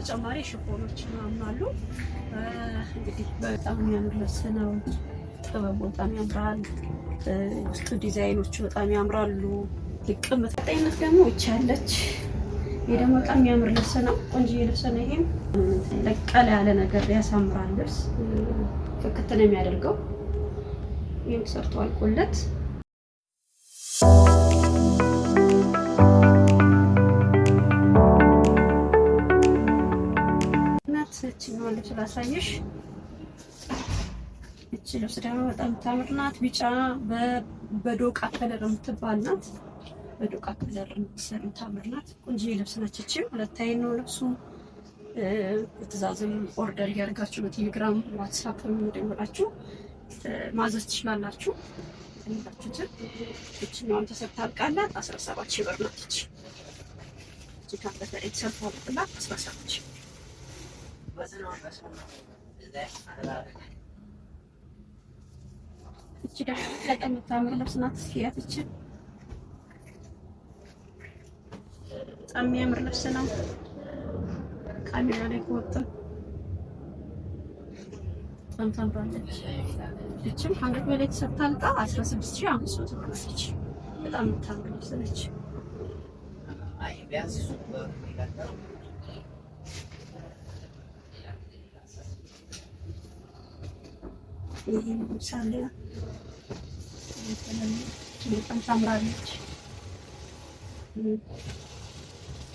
በተጨማሪ ሽፎኖች ምናምን አሉ። እንግዲህ በጣም የሚያምር ልብስ ነው። ጥበቡ በጣም ያምራል። ውስጡ ዲዛይኖቹ በጣም ያምራሉ። ልቅም በተጠኝነት ደግሞ እቺ ያለች ይህ ደግሞ በጣም የሚያምር ልብስ ነው። ቆንጆ ልብስ ነው። ይሄም ለቀለ ያለ ነገር ያሳምራል። ልብስ ፍክት ነው የሚያደርገው። ይህም ሰርቶ አልቆለት እችኛዋን ልብስ ላሳየሽ። እቺ ልብስ ደግሞ በጣም ታምር ናት። ቢጫ በዶቃ ከለር የምትባል ናት። በዶቃ ከለር የምትሰር ታምር ናት። ቆንጆ ልብስ ነች። እቺ ሁለታይ ነው ልብሱ። በትእዛዝም ኦርደር እያደርጋችሁ በቴሌግራም ዋትሳፕ እንደሆናችሁ ማዘዝ ትችላላችሁ። ተመልካችሁትን እችኛዋን ተሰርታ አልቃላት 17 ሺህ ብር ናት። እቺ እቺ ካለፈ ኤክሰል ታልቅላት 17 ሺህ እቺ ደግሞ በጣም የምታምር ልብስ ናት። እስኪያት እቺ በጣም የሚያምር ልብስ ነው። ካሜራ ላይ ከወጣ በጣም ታምራለች። እቺም ሀገር በላይ ተሰርታልጣ 16500 ብር ነች። በጣም የምታምር ልብስ ነች። ሳለ በጣም ታምራለች።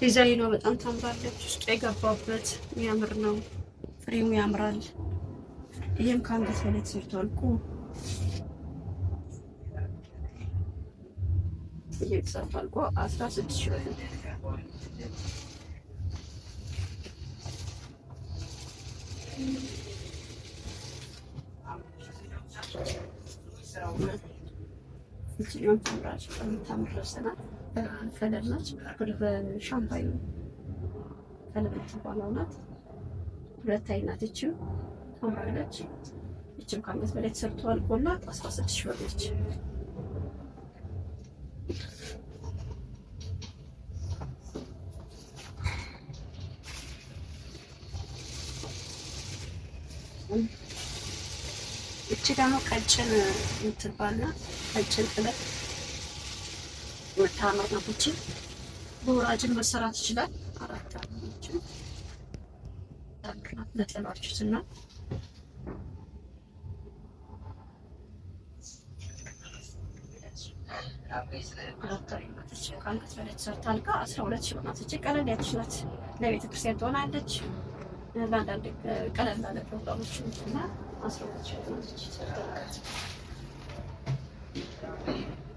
ዲዛይኗ በጣም ታምራለች። ውስጡ የገባበት የሚያምር ነው። ፍሬሙ ያምራል። ይህም ከአንገት በላይ ተሰርቷል እኮ ተሰርቷል እኮ አስራ ስድስት ሺህ ብር ነው። እችኛም ተምራች የምታምረሰና ከለር ናች። በሻምፓኝ ከለር የምትባለው ናት። ሁለት አይናት እችም ታምራለች። እችም ከአመት በላይ ተሰርቶ አልቆላት አስራ ስድስት ሺህ ብር ነች። Thank እቺ ደግሞ ቀጭን የምትባል ቀጭን ጥለት የምታምር ናት። እቺ በወራጅን መሰራት ይችላል። አራት አለችን ታምርናት ነጠላችሁትና ሰርታልጋ አስራ ሁለት ሺህ ናት። እቺ ቀለል ያለች ናት። ለቤተክርስቲያን ትሆናለች። ለአንዳንድ ቀለል ላለ ፕሮግራሞች እና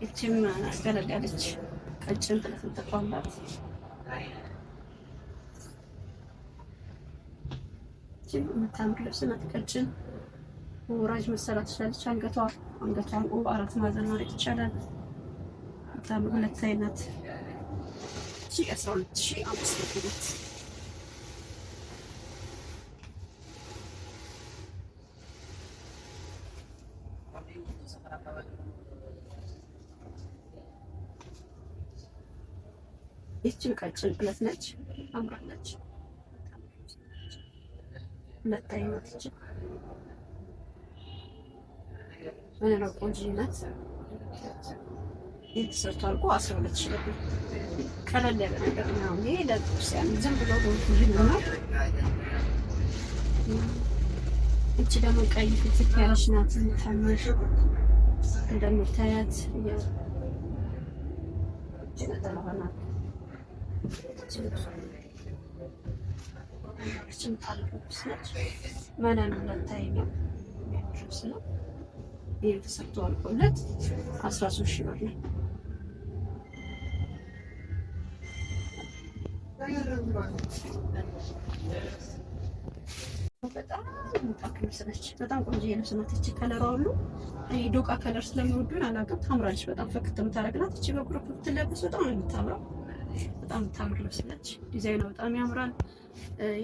ይችም አስገለጋለች ቀጭን ተቋላት የምታምር ልብስ ናት። ቀጭን ወራጅ መሰራት ትችላለች። አንገቷ አንገቷን አራት ማዕዘን ማለት ይቻላል። በጣም ሁለት አይነት ሺ አስራ ሁለት ሺ አምስት ናት ይችን ቀጭን ብለት ነች፣ አምራለች። ሁለት አይነት ይችን ምን ነው ቆንጆነት የተሰርቶ አልቆ አስራ ሁለት ሺህ ብር ቀለል ያለ ነገር ነው። ይሄ ለቁርስያን ዝም ብሎ ነው። እቺ ደግሞ ቀይ ፍትት ያለች ናት። ታምር እንደምታያት ነጠላ ናት። እችን ታልቅስ ነች። ተሰርቶ አልቆለት አስራ ሶስት ሺ ብር ነው። በጣም የምታምር ልብስ ነች። በጣም ቆንጆ የልብስ ናት። እች ከለሯ ሁሉ ዶቃ ከለር ስለሚወዱን አላውቅም፣ ታምራለች። በጣም ፈክት የምታደርግ ናት። እች በቁርፍ ብትለበስ በጣም ነው የምታምረው። በጣም የምታምር ልብስ ነች። ዲዛይኗ በጣም ያምራል።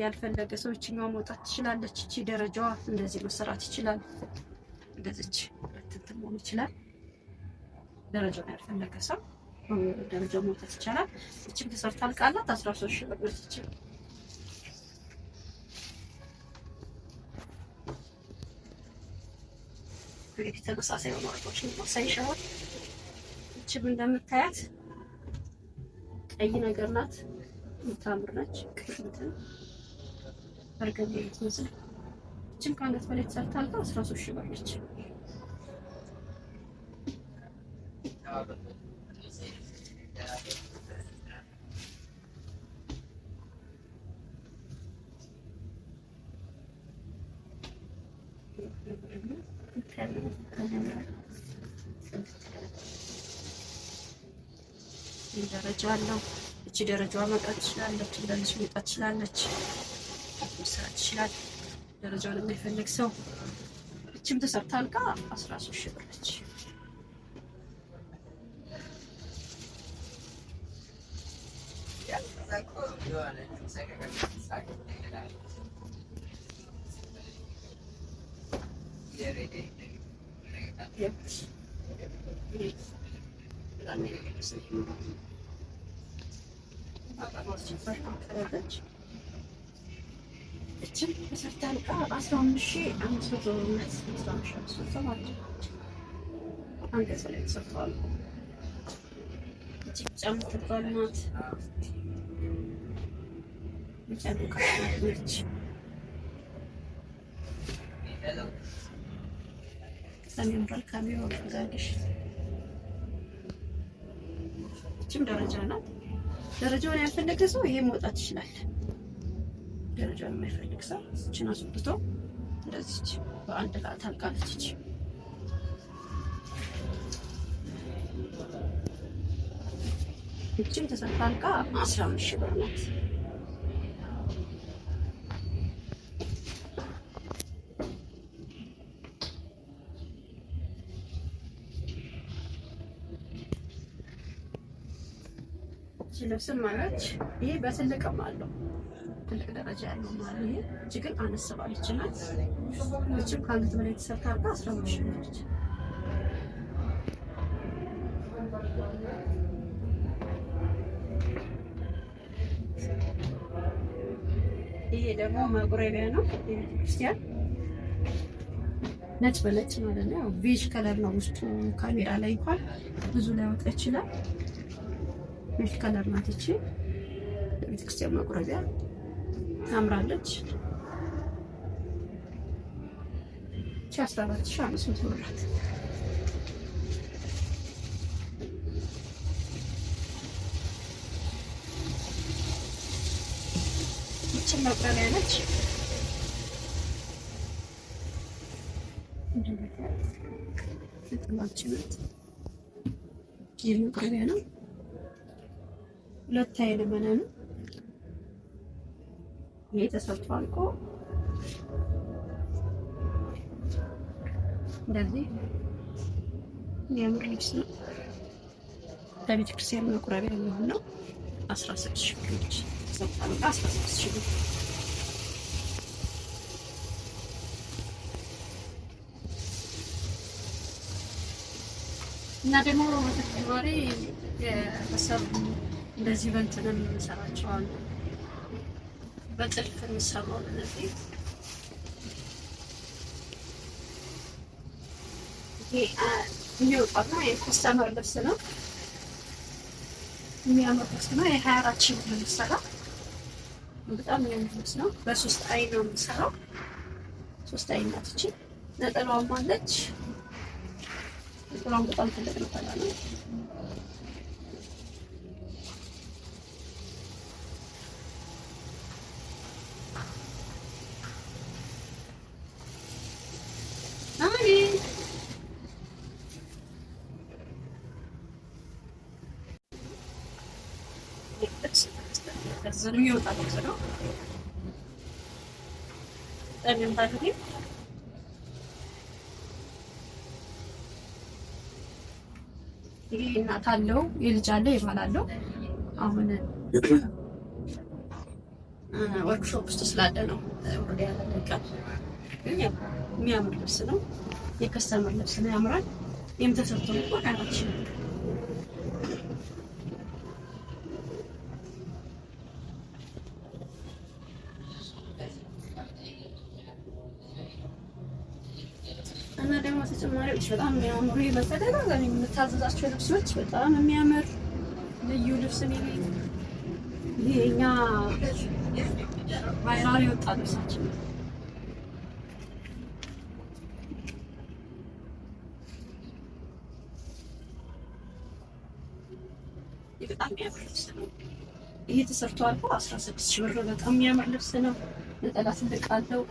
ያልፈለገ ሰው ይችኛዋ መውጣት ትችላለች። እቺ ደረጃዋ እንደዚህ መሰራት ይችላል። እንደዚች ትንትን መሆን ይችላል። ደረጃውን ያልፈለገ ሰው ደረጃው መውጣት ይቻላል። እችም ተሰርታ አልቃላት አስራ ሶስት ሺህ ብር ነች ይችል እንግዲህ ተመሳሳይ ሆኖ አርቶች ነው ሳይሻል እችም እንደምታያት ቀይ ነገር ናት፣ የምታምር ነች። ቅይትን በርገን የምትመስል እችን ከአንገት በላይ ተሰርታ አልጋ አስራ ሶስት ሺህ ብር ነች። አድርጌያቸዋለሁ። እቺ ደረጃዋ መውጣት ትችላለች፣ እንደዚህ መውጣት ትችላለች፣ መስራት ይችላል። ደረጃውን የሚፈልግ ሰው እችም ተሰርታ አልቃ አስራ ሶስት ሺህ ብር ነች። በጣም አስቸጋሪ ታደረገች። እችም ሰርተን ዕቃ አስራ አምስት ሺህ አምስት መቶ አስራ አምስት ሺህ አምስት መቶ አድርጋለች። አንገት ላይ ተሰርተዋል። እቺ ቢጫ የምትባል ናት። ቢጫ ነች። ሰሜን ባል ጋሽ እችም ደረጃ ናት። ደረጃውን ያልፈለገ ሰው ይሄ መውጣት ይችላል። ደረጃውን የማይፈልግ ሰው እችን አስወጥቶ እንደዚች በአንድ ላ ታልቃለች። እች እችን ተሰርታ አስራ አምስት ሺህ ብር ናት። ልብስም አለች። ይሄ በትልቅም አለው ትልቅ ደረጃ ያለው ማለት ይሄ እጅ ግን አነስ ባለች ናት። እችም ከአንገት በላይ የተሰርታ አርጋ አስራ ነች። ይሄ ደግሞ መቁረቢያ ነው የቤተክርስቲያን ነጭ በነጭ ማለት ነው። ቬጅ ከለር ነው ውስጡ ካሜራ ላይ እንኳን ብዙ ላይወጣ ይችላል። ሚልክ ከለር ናት እቺ። ለቤተክርስቲያን መቁረቢያ ታምራለች። እቺ 14500 ብር ናት። እቺ መቁረቢያ ነች። ጥላችነት ይህ መቁረቢያ ነው። ሁለት አይል በነን ይሄ ተሰርቶ አልቆ እንደዚህ የሚያምር ልብስ ነው። ለቤተ ክርስቲያን መቁረቢያ የሚሆን ነው። 16 ሺህ ብር ተሰርቶ 16 ሺህ ብር እና ደግሞ በተጨማሪ የመሰሉ እንደዚህ በእንትን የምንሰራቸው አሉ። በጥልፍ የሚሰራው እነዚህ የሚወጣ ነው። ልብስ ነው የሚያምር ልብስ ነው። የሀያ አራት ሺህ ብር የሚሰራው በጣም የሚያምር ልብስ ነው። በሶስት አይ ነው የሚሰራው። ሶስት አይ ናት ነጠላዋም አለች። ነጠላዋም በጣም ትልቅ ነጠላ ነው። ነው። እናት አለው የልጅ አለው የባል አለው። አሁን ወርክሾፕ ውስጥ ስላለ ነው የሚያምር ልብስ ነው። የከስተመር ልብስ ነው። ያምራል። ይህም ተሰርቶ ነው ማሪዎች በጣም የሚያምሩ በተደጋጋሚ የምታዘዛቸው ልብሶች በጣም የሚያምር ልዩ ልብስ ነው። ይሄ እኛ ቫይራል የወጣ ልብሳችን ነው። በጣም የሚያምር ልብስ ነው። ተሰርቶ አልፎ 16 ሺህ ብር በጣም የሚያምር ልብስ ነው። ነጠላ ትልቅ አለው።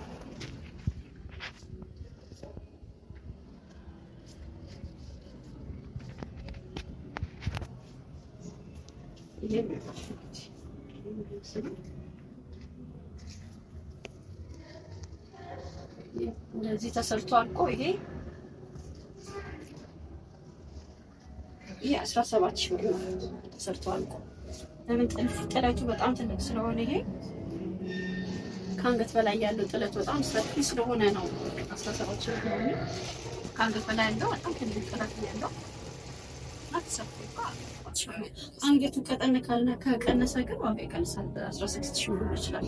እንደዚህ ተሰርቶ አልቆ ይሄ ይሄ 17 ሺህ ብር ተሰርቶ አልቆ። ለምን ጥልፍ ጥለቱ በጣም ትልቅ ስለሆነ ይሄ ከአንገት በላይ ያለው ጥለት በጣም ሰፊ ስለሆነ ነው 17 ሺህ ብር። ከአንገት በላይ ያለው በጣም ትልቅ ጥለት ያለው አንገቱ ከጠነ ካልና ከቀነሰ ግን ዋጋ ይቀንሳል። አስራ ስድስት ሺህ ብር ይችላል።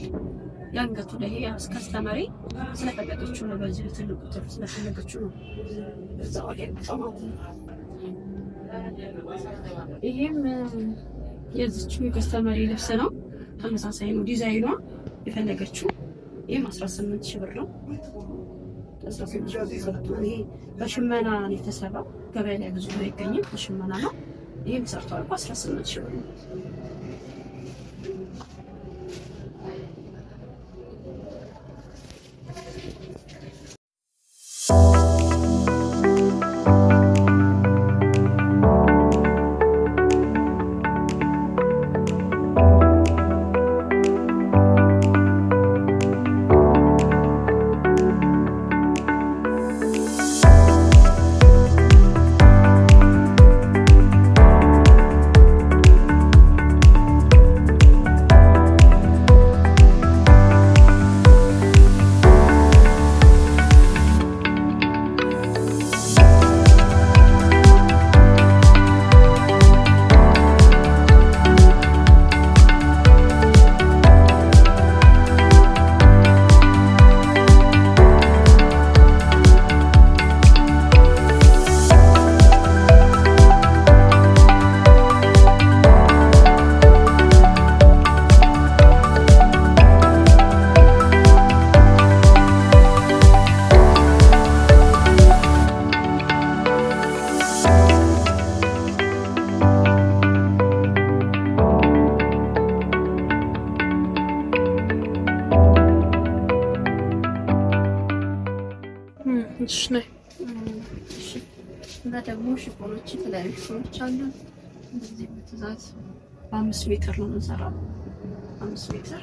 የአንገቱ ላይ ያስ ከስተመሬ ስለፈለገችው ነው። በዚህ ትልቁ ትርፍ ስለፈለገችው ነው። እዛ ዋጋ ይሄም የዚች ከስተመሬ ልብስ ነው። ተመሳሳይ ነው ዲዛይኗ የፈለገችው። ይህም አስራ ስምንት ሺህ ብር ነው። በሽመና የተሰራው ገበያ ላይ ብዙ አይገኝም። ሽመና ነው። ይህም ሰርተዋል እኮ አስራ ስምንት ሺህ ብር ነው። እና ደግሞ ሽፎኖች፣ የተለያዩ ሽፎኖች አሉ። እንደዚህ በትእዛዝ በአምስት ሜትር ነው የምንሰራው። አምስት ሜትር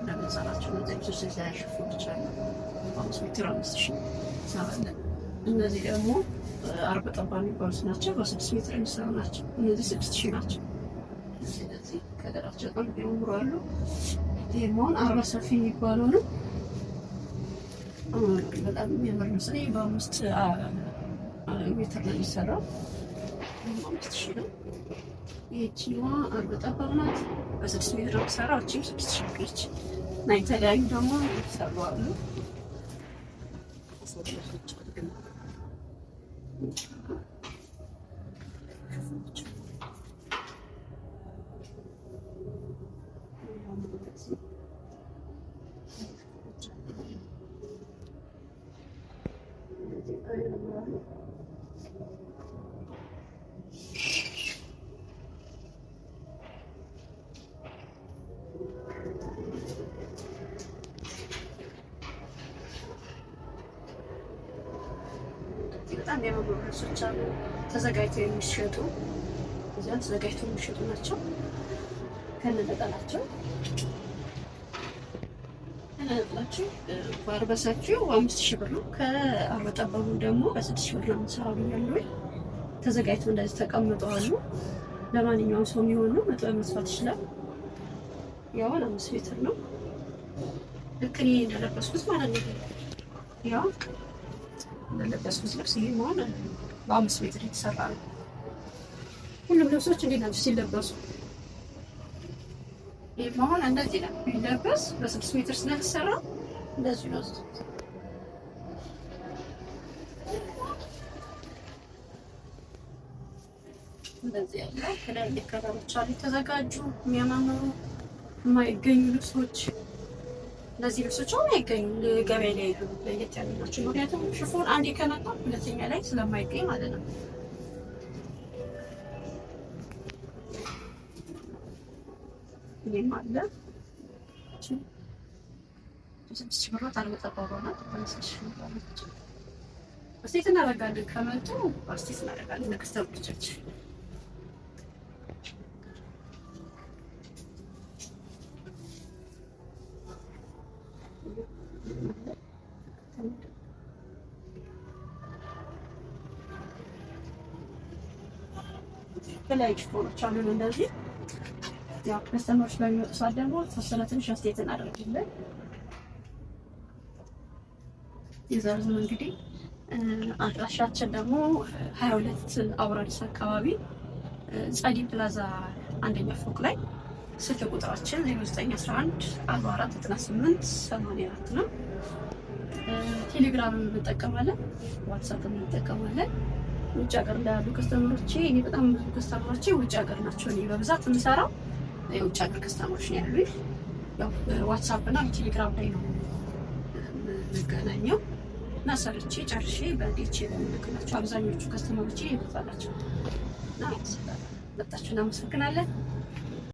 እንደምንሰራቸው እነዚህ ብዙ የተለያዩ ሽፎኖች አሉ። በአምስት ሜትር አምስት ሺ እንሰራለን። እነዚህ ደግሞ አርብ ጠባ የሚባሉት ናቸው። በስድስት ሜትር የሚሰሩ ናቸው። እነዚህ ስድስት ሺ ናቸው። እነዚህ ከለራቸው ጠር ቢሆን አሉ። ይህ መሆን አርባ ሰፊ የሚባለው ነው። በጣም የሚያምር ምስል በአምስት ሜትር ነው የሚሰራው። አምስት ሺ ነው። ይህቺዋ አርብ ጠባብ ናት። በስድስት ሜትር ነው እችም ስድስት ሺ ነች እና የተለያዩ ደግሞ አሉ። በጣም የምግብ ቅርሶች አሉ፣ ተዘጋጅተው የሚሸጡ እዚያ ተዘጋጅተው የሚሸጡ ናቸው ከነጠላቸው ጥላችሁ በአርበሳችሁ አምስት ሺህ ብር ነው። ከአበጠበቡ ደግሞ በስድስት ሺህ ብር ነው የምንሰራው ብያለሁ። ተዘጋጅቶ እንደዚህ ተቀምጠዋሉ። ለማንኛውም ሰው የሚሆኑ መጥበብ መስፋት ይችላል። ያውን አምስት ሜትር ነው ልክ እኔ እንደለበስኩት ማለት ነው። ያው እንደለበስኩት ልብስ ይሄ መሆን በአምስት ሜትር የተሰራ ነው። ሁሉም ልብሶች እንዴት ናቸው ሲለበሱ ይህ እንደዚህ ነው የሚለበስ በስድስት ሜትር ስለተሰራ እንደዚህ ነው። እንደዚህ ያለ ትላልቅ ከለሮች አሉ የተዘጋጁ የሚያማምሩ የማይገኙ ልብሶች። እነዚህ ልብሶች አሁን አይገኙ ገበያ ላይ ለየት ያሉ ናቸው። ምክንያቱም ሽፎን አንዴ ከነጣ ሁለተኛ ላይ ስለማይገኝ ማለት ነው። ይሄም አለ ስድስት ሺህ ብር እስቴት እናደርጋለን ከመጡ እስቴት እናደርጋለን የተለያዩ አሉን እንደዚህ ያው ከስተመሮች በሚወጡ ሰዓት ደግሞ ተወሰነ ትንሽ አስተያየት እናደርግልን። የዘርዙን እንግዲህ አድራሻችን ደግሞ ሀያ ሁለት አውራዲስ አካባቢ ጸዲ ፕላዛ አንደኛ ፎቅ ላይ ስልክ ቁጥራችን ዘጠኝ አስራ አንድ አርባ አራት 0911 ስምንት 98 አራት ነው። ቴሌግራም እንጠቀማለን፣ ዋትሳፕ እንጠቀማለን። ውጭ ሀገር እንዳሉ ከስተመሮቼ እኔ በጣም ብዙ ከስተመሮቼ ውጭ ሀገር ናቸው። እኔ በብዛት የምሰራው የውጭ ሀገር ከስተማዎች ያሉ ዋትሳፕ እና ቴሌግራም ላይ ነው የምንገናኘው እና ሰርቼ ጨርሼ በዴቼ በምልክላቸው አብዛኞቹ ከስተማዎች ይበዛላቸው እና መጣችሁ እናመሰግናለን።